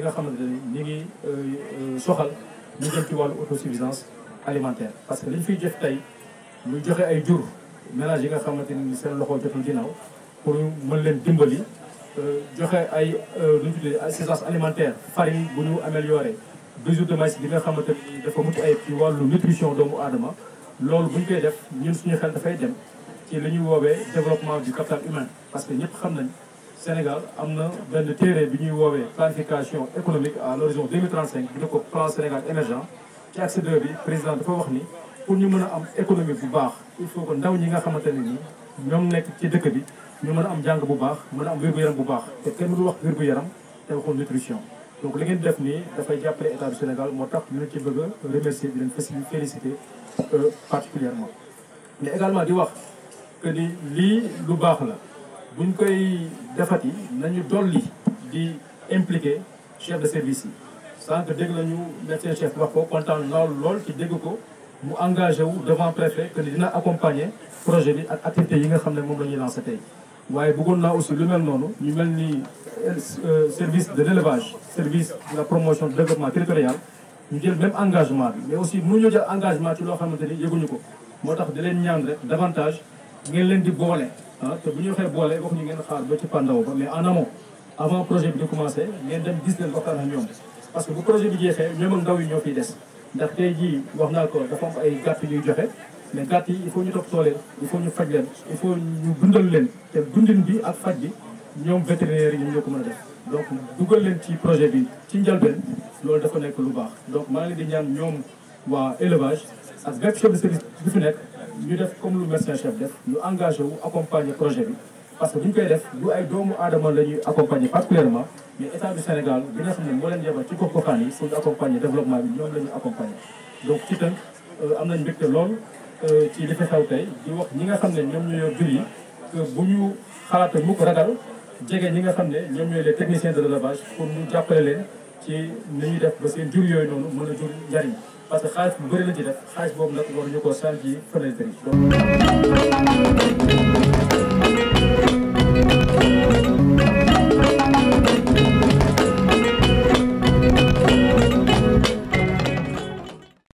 bi nga xamante ni ñu ngi euh, euh, soxal ñu jëm ci wàllu autosuffisance alimentaire. parce que li fiy jëf tey ñu joxe ay jur ménage yi nga xamante ni seen loxo jotul ginnaaw pour ñu mën leen dimbali euh, joxe ay lu ñu alimentaire farine bu ñu amélioré besoin de maïs bi nga xamante ni dafa mucc ayib ci wàllu nutrition doomu aadama loolu bu ñu def ñun suñu xel dafay dem ci li ñuy woowee développement du capital humain parce que ñëpp xam nañ Sénégal am na benn téere bi ñuy woowee planification économique à l'horizon 2035 bi ñu ko plan Sénégal émergent ci axe 2 bi président dafa wax ni pour ñu mën a am économie bu baax il faut que ndaw ñi nga xamante ne ni ñoom nekk ci dëkk bi ñu mën a am jàng bu baax mën a am wér gu yaram bu baax te kenn du wax wér gu yaram te waxul nutrition donc li ngeen def nii dafay jàppale état du Sénégal moo tax ñu leen ci bëgg a remercier di leen féliciter euh, particulièrement mais également di wax que ni lii lu baax la bu ñu koy defati nañu dolli di impliqué chef de service yi sànq dégg nañu médecin chef wax ko kontaan lool lool ci dégg ko mu engagé wu devant préfet que dina accompagner projet bi ak activité yi nga xam ne moom la ñuy lancé tey waaye bëggoon naa aussi lu mel noonu ñu mel ni euh, euh, service de l'élevage service de la promotion du développement territorial ñu jël même engagement bi mais aussi mënuñu jël engagement ci loo xamante ni yëguñu ko moo tax di leen ñaan rek davantage ngeen leen di boole ah te bu ñu waxee boole wax ñu ngeen xaar ba ci pandaw ba mais en amont avant projet bi di commencé ngeen dem gis leen waxtaan ak ñoom parce que bu projet bi jeexee ñoom ak ndaw yi ñoo fiy des ndax tey jii wax naa ko dafa am ay gàtt ñuy joxe mais gàtt yi il faut ñu toppatoo leen il faut ñu faj leen il faut ñu dundal leen te dundin bi ak faj bi ñoom vétérinaire yi ñoo ko mën a def donc dugal leen ci projet bi ci njëlbeen loolu dafa nekk lu baax donc maa ngi di ñaan ñoom waa élevage ak bépp chef de service fi nekk ñu def comme lu médecin chef def ñu engagé wu accompagner projet bi parce que bu ñu koy def du ay doomu aadama la ñuy accompagner particulièrement mais état du Sénégal bi nga xam ne moo leen yebal ci gox goxaan yi suñu ñoom donc ci tënk euh, am nañ mbégte lool euh, ci li fi xew tey di wax ñi nga xam ne ñoom ñoo yor jur yi bu ñu xalaata mukk ragal jege ñi nga xam ne ñoom ñooy les techniciens de l'élevage pour ñu jàppale leen ci ni ñuy def ba seen jur yooyu noonu mën a jur njariñ parce que xaalis bu bëri lañ ci def xaalis boobu nag war ñu koo sal ci fële